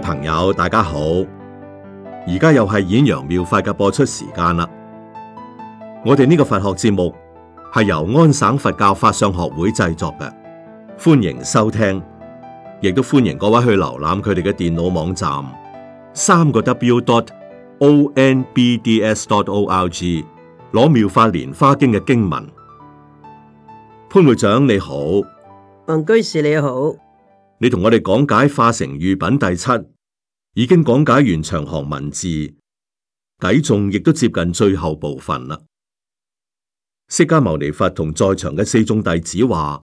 朋友，大家好！而家又係演揚妙法嘅播出時間啦。我哋呢個佛學節目係由安省佛教法相學會製作嘅，歡迎收聽，亦都歡迎各位去瀏覽佢哋嘅電腦網站三個 w dot o n b d s dot org，攞妙法蓮花經嘅經文。潘會長你好，文居士你好。你同我哋講解化城喻品第七，已經講解完長行文字，偈頌亦都接近最後部分啦。釋迦牟尼佛同在場嘅四眾弟子話：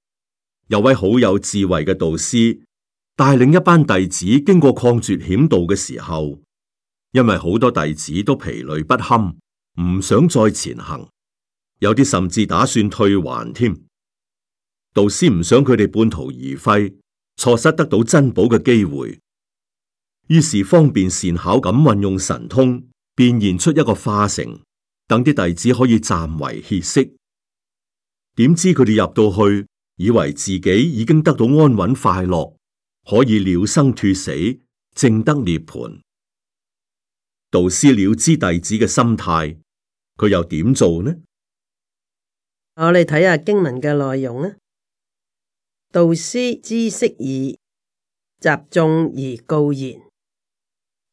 有位好有智慧嘅導師帶領一班弟子經過曠絕險道嘅時候，因為好多弟子都疲累不堪，唔想再前行，有啲甚至打算退還添。導師唔想佢哋半途而廢。錯失得到珍寶嘅機會，於是方便善巧咁運用神通，變現出一個化城，等啲弟子可以暫為歇息。點知佢哋入到去，以為自己已經得到安穩快樂，可以了生脱死，正得涅槃。導師了知弟子嘅心態，佢又點做呢？我哋睇下經文嘅內容啊。道師知悉矣，集眾而告言：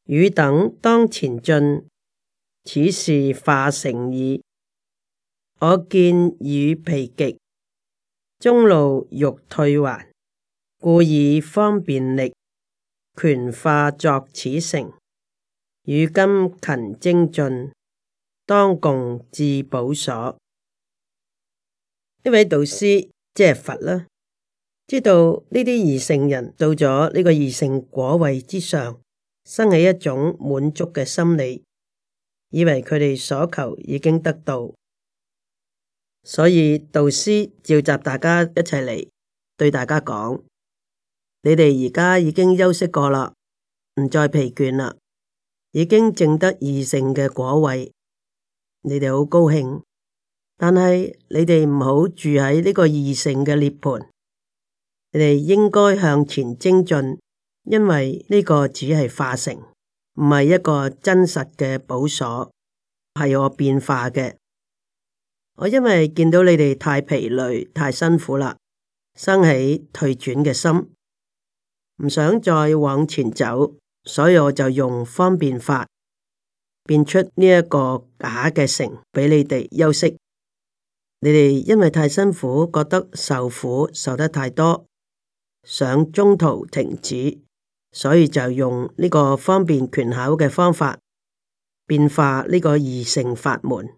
汝等當前進，此事化城矣。我見汝疲極，中路欲退還，故以方便力權化作此城。汝今勤精進，當共至寶所。呢位道師即係佛啦。知道呢啲二乘人到咗呢個二乘果位之上，生起一種滿足嘅心理，以為佢哋所求已經得到，所以導師召集大家一齊嚟，對大家講：你哋而家已經休息過啦，唔再疲倦啦，已經證得二乘嘅果位，你哋好高興，但係你哋唔好住喺呢個二乘嘅涅槃。你哋應該向前精進，因為呢個只係化城，唔係一個真實嘅寶所，係我變化嘅。我因為見到你哋太疲累、太辛苦啦，生起退轉嘅心，唔想再往前走，所以我就用方便法變出呢一個假嘅城畀你哋休息。你哋因為太辛苦，覺得受苦受得太多。想中途停止，所以就用呢個方便權巧嘅方法變化呢個二乘法門。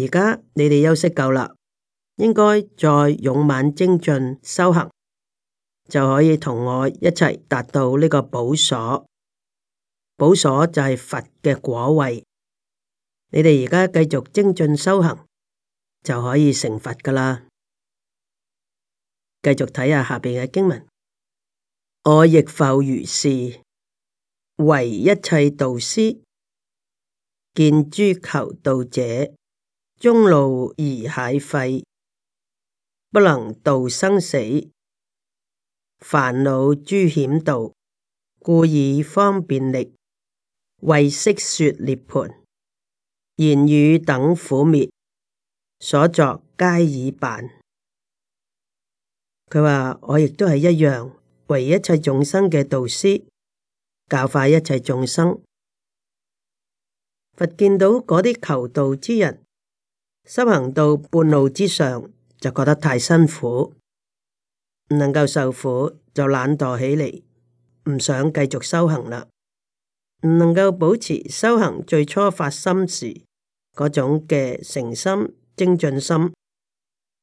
而家你哋休息夠啦，應該再勇猛精進修行，就可以同我一齊達到呢個寶所。寶所就係佛嘅果位。你哋而家繼續精進修行，就可以成佛㗎喇。繼續睇下下邊，嘅經文，我亦復如是，為一切導師，見諸求道者，中路而懈廢，不能度生死，煩惱諸險道，故以方便力，為息說涅槃。」言語等苦滅，所作，皆已辦。佢話：我亦都係一樣，為一切眾生嘅導師，教化一切眾生。佛見到嗰啲求道之人，修行到半路之上，就覺得太辛苦，唔能夠受苦，就懶惰起嚟，唔想繼續修行啦。唔能夠保持修行最初發心時嗰種嘅誠心、精進心，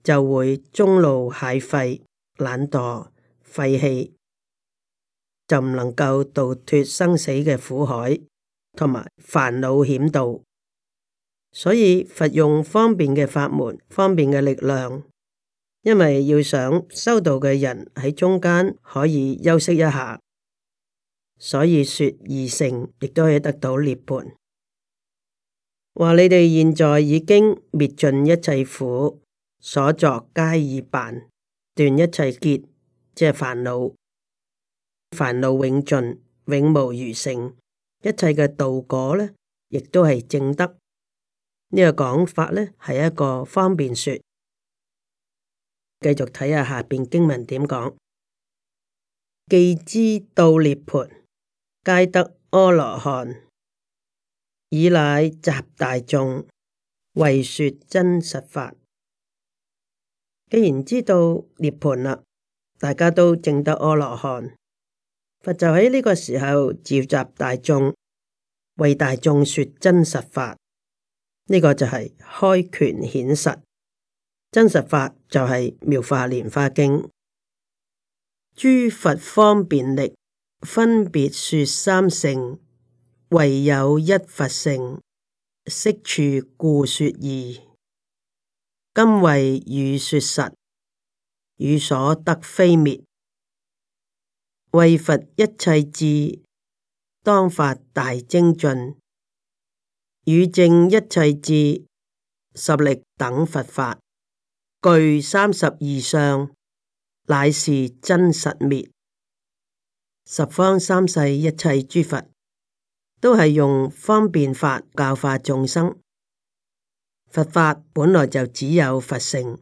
就會中路懈廢。懶惰、廢棄，就唔能夠度脱生死嘅苦海，同埋煩惱險道，所以佛用方便嘅法門、方便嘅力量，因為要想修道嘅人喺中間可以休息一下，所以說二乘亦都可以得到涅槃。話你哋現在已經滅盡一切苦，所作皆已辦。斷一切結，即係煩惱，煩惱永盡，永無餘成。一切嘅道果咧，亦都係正德、這個、呢個講法咧，係一個方便說。繼續睇下下邊經文點講，既知道涅槃，皆得阿羅漢，以乃集大眾，為說真實法。既然知道涅槃啦，大家都證得阿羅漢，佛就喺呢個時候召集大眾，為大眾說真實法。呢、這個就係開權顯實，真實法就係《妙法蓮華經》，諸佛方便力分別說三乘，唯有一佛乘，息處故說二。今為如說實，如所得非滅，為佛一切智當發大精進，與正一切智十力等佛法具三十二相，乃是真實滅。十方三世一切諸佛，都係用方便法教化眾生。佛法本來就只有佛性，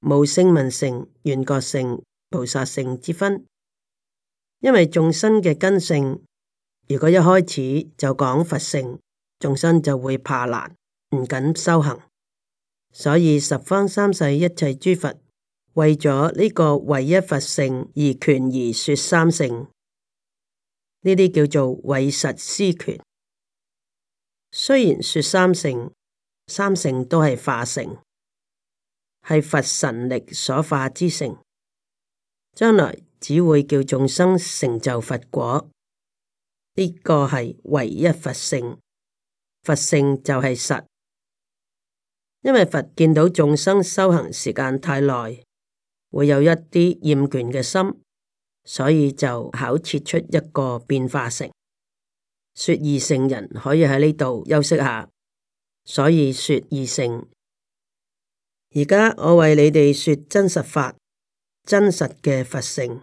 冇聲聞性、緣覺性、菩薩性之分。因為眾生嘅根性，如果一開始就講佛性，眾生就會怕難，唔敢修行。所以十方三世一切諸佛為咗呢個唯一佛性而權而說三性，呢啲叫做為實施權。雖然說三性。三乘都係化城，係佛神力所化之城，將來只會叫眾生成就佛果。呢、這個係唯一佛乘，佛乘就係實。因為佛見到眾生修行時間太耐，會有一啲厭倦嘅心，所以就巧設出一個變化城，說二乘人可以喺呢度休息下。所以說二聖，而家我為你哋說真實法，真實嘅佛性。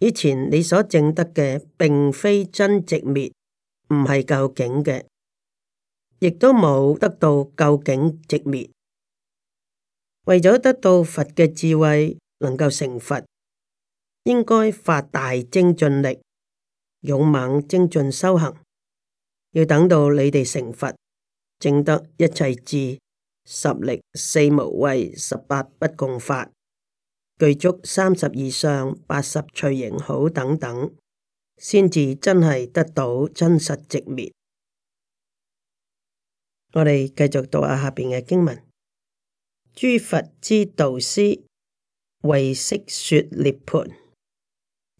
以前你所證得嘅，並非真寂滅，唔係究竟嘅，亦都冇得到究竟寂滅。為咗得到佛嘅智慧，能夠成佛，應該發大精進力，勇猛精進修行，要等到你哋成佛。證得一切智、十力、四無畏、十八不共法、具足三十以上、八十隨形好等等，先至真係得到真實寂滅。我哋繼續讀下下邊嘅經文：諸佛之導師為息說涅槃，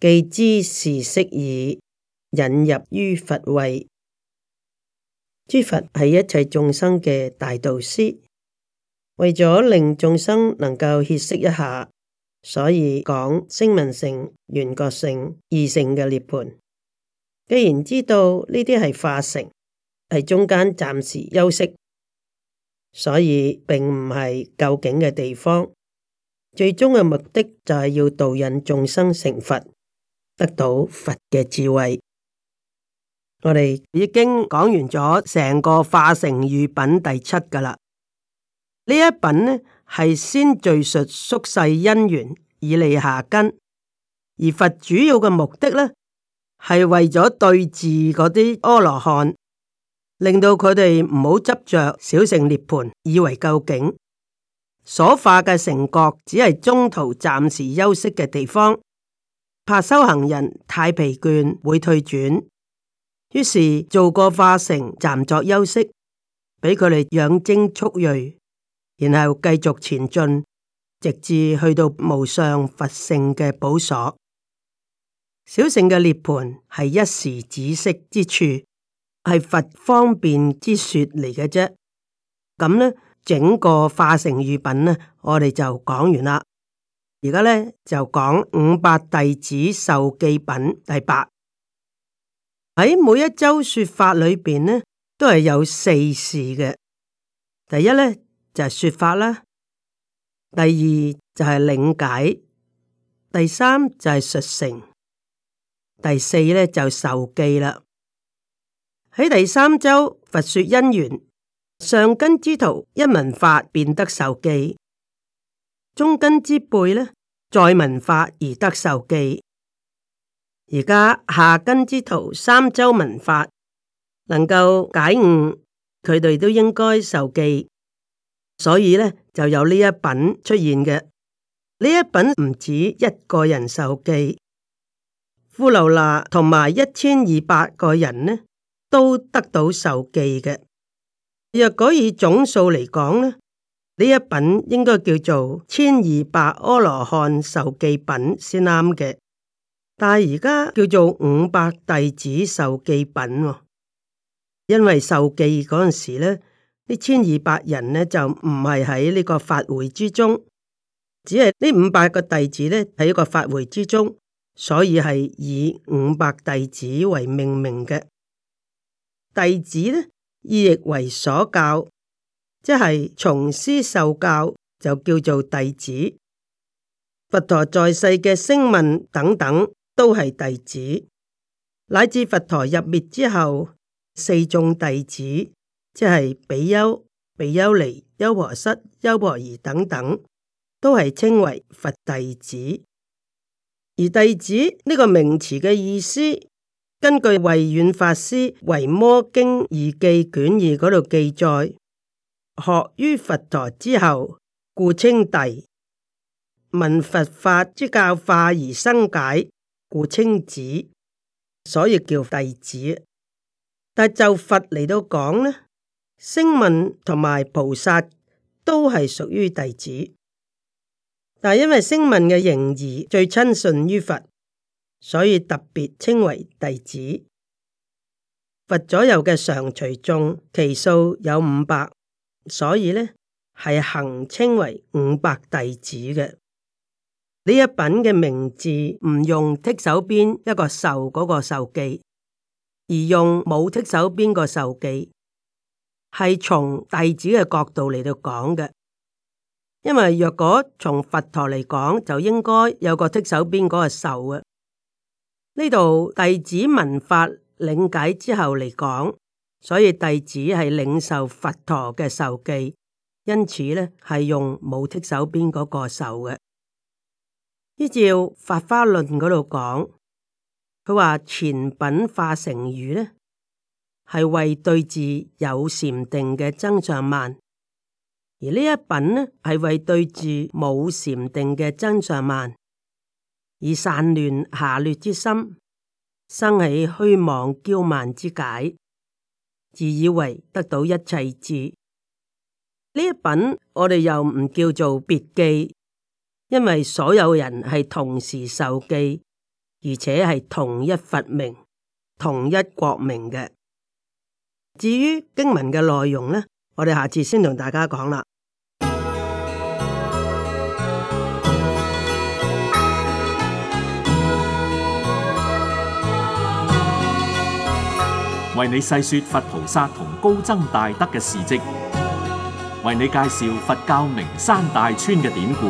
既知是息已，引入於佛慧。諸佛係一切眾生嘅大導師，為咗令眾生能夠歇息一下，所以講聲聞乘、緣覺乘、二乘嘅涅槃。既然知道呢啲係化城，係中間暫時休息，所以並唔係究竟嘅地方。最終嘅目的就係要導引眾生成佛，得到佛嘅智慧。我哋已經講完咗成個化城喻品第七噶啦。呢一品呢係先敘述宿世因緣以利下根，而佛主要嘅目的呢係為咗對治嗰啲阿羅漢，令到佢哋唔好執着小乘涅槃以為究竟，所化嘅城郭只係中途暫時休息嘅地方，怕修行人太疲倦會退轉。於是做個化城暫作休息，俾佢哋養精蓄銳，然後繼續前進，直至去到無上佛性嘅寶所。小乘嘅涅盤係一時止息之處，係佛方便之說嚟嘅啫。咁呢，整個化城喻品呢，我哋就講完啦。而家呢就講五百弟子受記品第八。喺每一周說法裏邊呢，都係有四事嘅。第一呢，就係、是、說法啦，第二就係領解，第三就係述成，第四呢就受、是、記啦。喺第三周佛說因緣，上根之徒一聞法便得受記，中根之輩呢再聞法而得受記。而家下根之徒三周文法能夠解悟，佢哋都應該受記，所以呢，就有呢一品出現嘅。呢一品唔止一個人受記，富樓那同埋一千二百個人呢都得到受記嘅。若果以總數嚟講呢，呢一品應該叫做千二百阿羅漢受記品先啱嘅。但係而家叫做五百弟子受記品，因為受記嗰陣時咧，呢千二百人咧就唔係喺呢個法會之中，只係呢五百個弟子咧喺個法會之中，所以係以五百弟子為命名嘅。弟子咧義譯為所教，即係從師受教就叫做弟子。佛陀在世嘅聲聞等等。都係弟子，乃至佛陀入滅之後，四眾弟子，即係比丘、比丘尼、優婆塞、優婆夷等等，都係稱為佛弟子。而弟子呢、這個名詞嘅意思，根據慧遠法師《維摩經義記卷二》嗰度記載，學於佛陀之後，故稱弟。聞佛法之教化而生解。故稱子，所以叫弟子。但就佛嚟到講呢，聲聞同埋菩薩都係屬於弟子。但因為聲聞嘅形意最親信於佛，所以特別稱為弟子。佛左右嘅常隨眾，其數有五百，所以呢係恆稱為五百弟子嘅。呢一品嘅名字唔用剔手邊一個受嗰個受記，而用冇剔手邊個受記，係從弟子嘅角度嚟到講嘅。因為若果從佛陀嚟講，就應該有個剔手邊嗰個受啊。呢度弟子聞法領解之後嚟講，所以弟子係領受佛陀嘅受記，因此咧係用冇剔手邊嗰個受嘅。依照《法花論》嗰度講，佢話前品化城喻咧，係為對治有禪定嘅增上慢；而呢一品呢，係為對治冇禪定嘅增上慢。以散亂下劣之心生起虛妄驕慢之解，自以為得到一切智。呢一品我哋又唔叫做別記。因為所有人係同時受記，而且係同一佛名、同一國名嘅。至於經文嘅內容呢，我哋下次先同大家講啦。為你細說佛菩薩同高僧大德嘅事跡，為你介紹佛教名山大川嘅典故。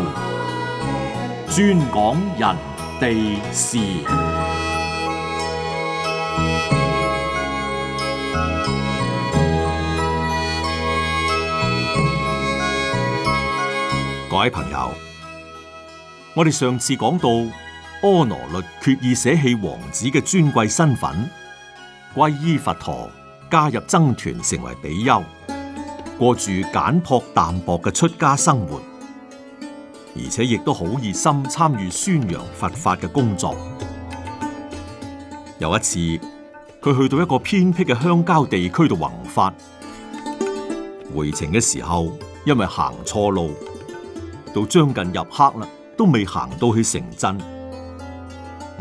專講人地事。各位朋友，我哋上次講到，阿那律決意捨棄王子嘅尊貴身份，皈依佛陀，加入僧團，成為比丘，過住簡朴淡薄嘅出家生活。而且亦都好熱心參與宣揚佛法嘅工作。有一次，佢去到一個偏僻嘅鄉郊地區度弘法，回程嘅時候因為行錯路，到將近入黑啦，都未行到去城鎮，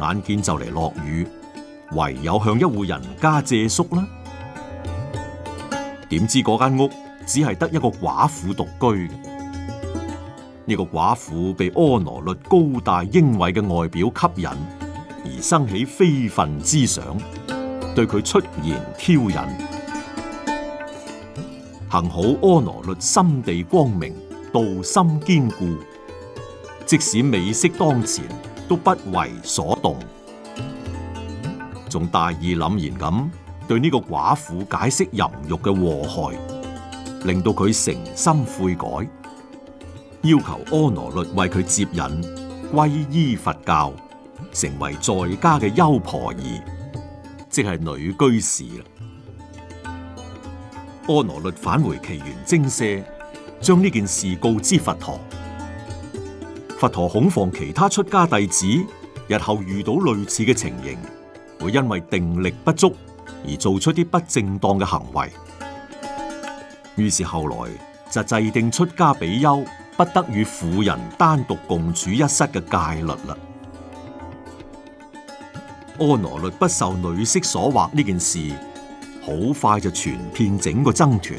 眼見就嚟落雨，唯有向一戶人家借宿啦。點知嗰間屋只係得一個寡婦獨居。呢個寡婦被阿那律高大英偉嘅外表吸引，而生起非分之想，對佢出言挑釁。幸好阿那律心地光明，道心堅固，即使美色當前都不為所動，仲大義凜然咁對呢個寡婦解釋淫欲嘅禍害，令到佢誠心悔改。要求阿那律為佢接引，皈依佛教，成為在家嘅優婆夷，即係女居士啦。阿那律返回祇園精舍，將呢件事告知佛陀。佛陀恐防其他出家弟子日後遇到類似嘅情形，會因為定力不足而做出啲不正當嘅行為。於是後來就制定出家比丘。不得與婦人單獨共處一室嘅戒律啦。阿那律不受女色所惑呢件事，好快就傳遍整個僧團，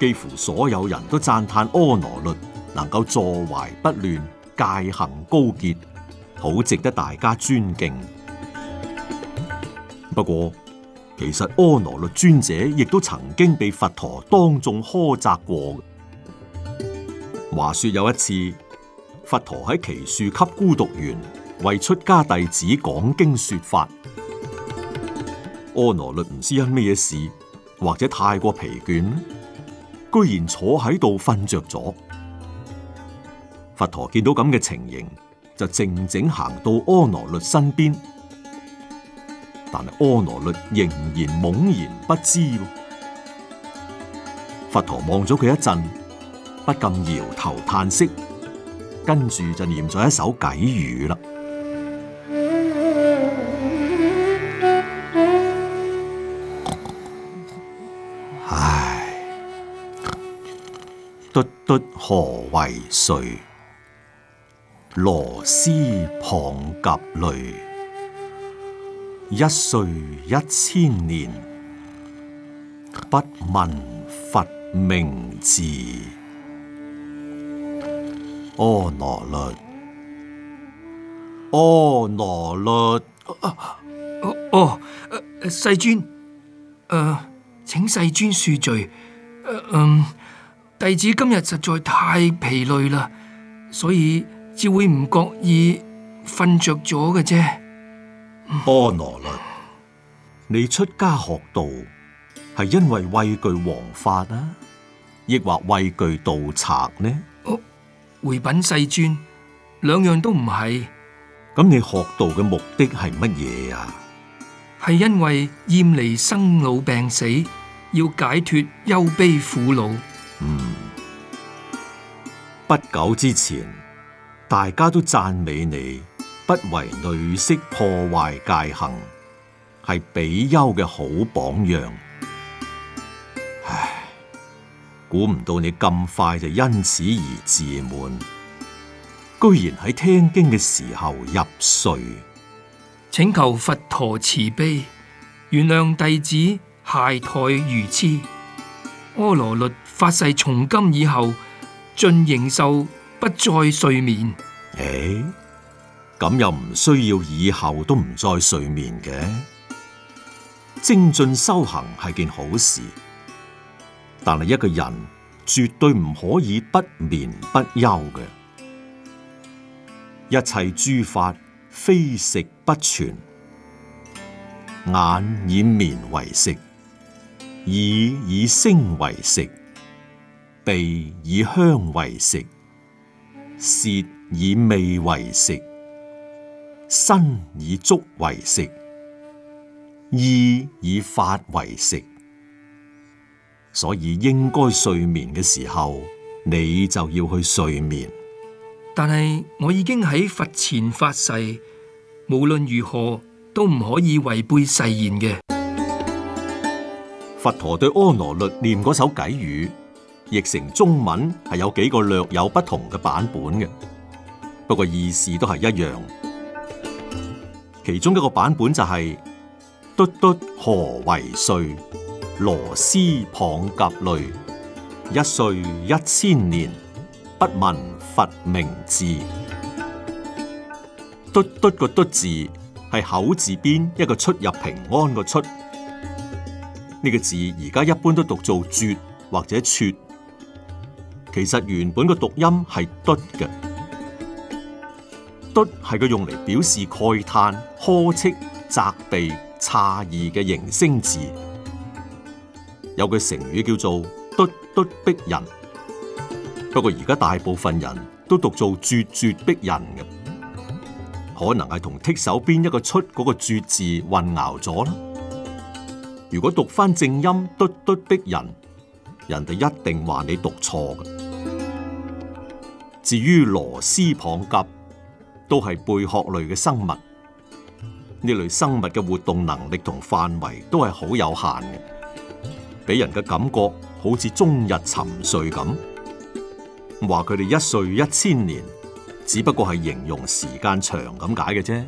幾乎所有人都讚嘆阿那律能夠坐懷不亂，戒行高潔，好值得大家尊敬。不過，其實阿那律尊者亦都曾經被佛陀當眾苛責過。話說有一次，佛陀喺祇樹給孤獨園為出家弟子講經說法，阿那律唔知因咩事或者太過疲倦，居然坐喺度瞓着咗。佛陀見到咁嘅情形，就靜靜行到阿那律身邊，但係阿那律仍然懵然不知。佛陀望咗佢一陣。不禁搖頭嘆息，跟住就念咗一首偈語啦。唉，咄咄，何為睡？螺螄蚌蛤類，一歲一千年，不聞佛名字。阿那律，阿那律，哦哦，世尊，誒、uh,，請世尊恕罪。嗯、uh, um,，弟子今日實在太疲累啦，所以只會唔覺意瞓着咗嘅啫。阿那律，你出家學道係因為畏懼王法啊，抑或畏懼盜賊呢？回品世尊，兩樣都唔係。咁你學道嘅目的係乜嘢啊？係因為厭離生老病死，要解脱憂悲苦惱。嗯，不久之前，大家都讚美你，不為女色破壞戒行，係比丘嘅好榜樣。唉。估唔到你咁快就因此而自滿，居然喺聽經嘅時候入睡，請求佛陀慈悲原諒弟子懈怠愚痴。阿那律發誓從今以後盡形壽不再睡眠。誒，咁又唔需要以後都唔再睡眠嘅？精進修行係件好事。但係一個人絕對唔可以不眠不休嘅，一切諸法非食不存，眼以眠為食，耳以聲為食，鼻以香為食，舌以味為食，身以觸為食，意以法為食。所以應該睡眠嘅時候，你就要去睡眠。但係我已經喺佛前發誓，無論如何都唔可以違背誓言嘅。佛陀對阿那律念嗰首偈語，譯成中文係有幾個略有不同嘅版本嘅，不過意思都係一樣。其中一個版本就係是，咄咄何為睡？螺螄蚌甲類，一歲一千年，不聞佛名字。嘟嘟個嘟字係口字邊一個出入平安個出，呢個字而家一般都讀做絕或者咄，其實原本個讀音係嘟嘅。嘟係個用嚟表示慨嘆、呵斥、責備、詫異嘅形聲字。有句成語叫做咄咄逼人，不過而家大部分人都讀做絕絕逼人嘅，可能係同剔手邊一個出嗰、那個絕字混淆咗啦。如果讀翻正音咄咄逼人，人哋一定話你讀錯嘅。至於螺螄蚌蛤，都係貝殼類嘅生物，呢類生物嘅活動能力同範圍都係好有限嘅。俾人嘅感覺好似終日沉睡咁，話佢哋一睡一千年，只不過係形容時間長咁解嘅啫。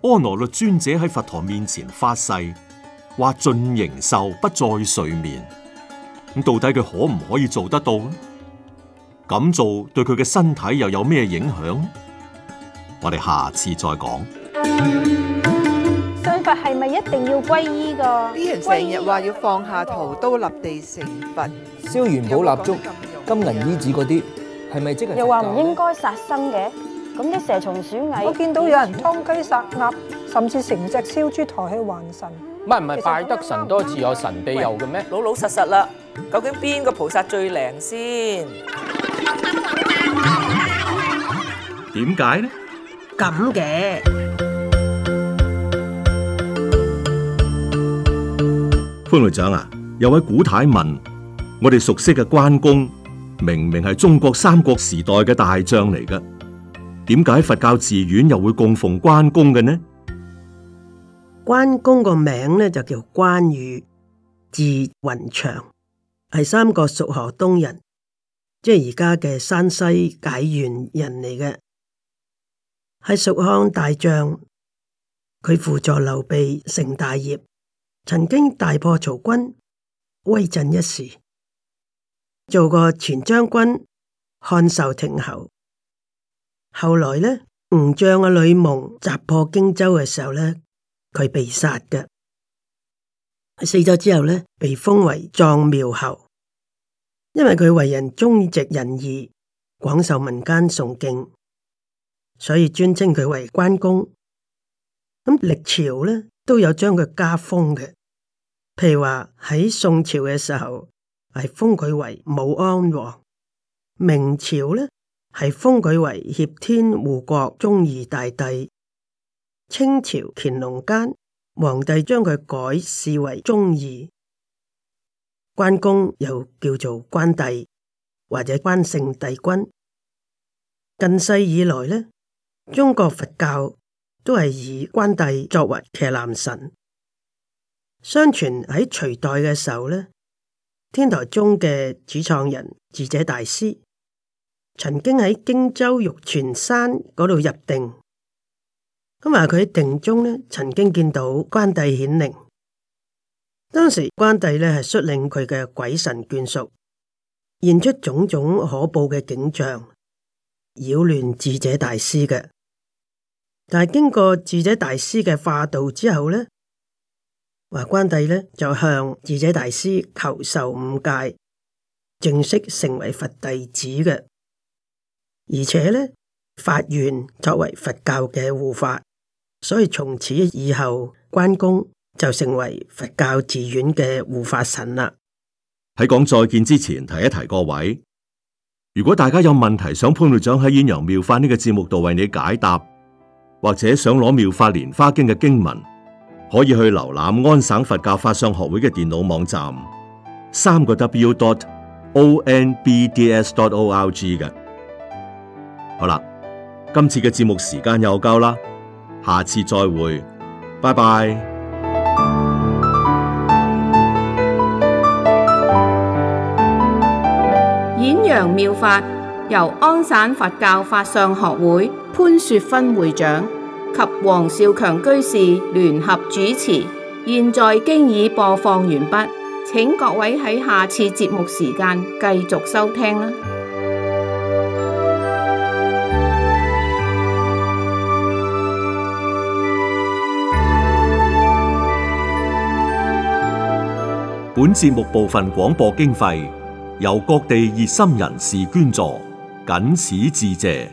阿那律尊者喺佛陀面前發誓，話盡形壽不再睡眠。咁到底佢可唔可以做得到？咁做對佢嘅身體又有咩影響？我哋下次再講。係咪一定要皈依噶？啲人成日話要放下屠刀立地成佛，燒元寶蠟燭、金銀衣紙嗰啲，係咪即係？又話唔應該殺生嘅，咁啲蛇蟲鼠蟻，我見到有人劏雞殺鴨，甚至成隻燒豬抬去還神。唔係唔係，拜得神多自有神庇佑嘅咩？老老實實啦，究竟邊個菩薩最靈先？點解呢？咁嘅。潘隊長啊，有位古太問我哋熟悉嘅關公，明明係中國三國時代嘅大將嚟嘅，點解佛教寺院又會供奉關公嘅呢？關公個名咧就叫關羽，字雲長，係三國蜀河東人，即係而家嘅山西解縣人嚟嘅，係蜀漢大將，佢輔助劉備成大業。曾經大破曹軍，威震一時，做過前將軍、漢壽亭侯。後來呢，吳將啊呂蒙襲破荊州嘅時候呢，佢被殺嘅。死咗之後呢，被封為壯繆侯。因為佢為人忠直仁義，廣受民間崇敬，所以尊稱佢為關公。咁歷朝呢。都有將佢加封嘅，譬如話喺宋朝嘅時候係封佢為武安王，明朝呢，係封佢為協天護國忠義大帝，清朝乾隆間皇帝將佢改視為忠義關公，又叫做關帝或者關聖帝君，近世以來呢，中國佛教，都係以關帝作為伽藍神。相傳喺隋代嘅時候咧，天台宗嘅主創人智者大師，曾經喺荊州玉泉山嗰度入定。咁話佢喺定中咧，曾經見到關帝顯靈。當時關帝咧係率領佢嘅鬼神眷屬，現出種種可怖嘅景象，擾亂智者大師嘅。但係經過智者大師嘅化度之後呢，話關帝呢就向智者大師求受五戒，正式成為佛弟子嘅。而且呢，發願作為佛教嘅護法，所以從此以後，關公就成為佛教寺院嘅護法神啦。喺講再見之前，提一提各位，如果大家有問題，想潘隊長喺鴛鴦妙法呢個節目度為你解答。或者想攞妙法蓮花經嘅經文，可以去瀏覽安省佛教法相學會嘅電腦網站，三個 W dot O N B D S dot O R G 嘅。好啦，今次嘅節目時間又夠啦，下次再會，拜拜。演揚妙法由安省佛教法相學會潘雪芬會長及黃少強居士聯合主持，現在經已播放完畢，請各位喺下次節目時間繼續收聽啦。本節目部分廣播經費由各地熱心人士捐助，謹此致謝。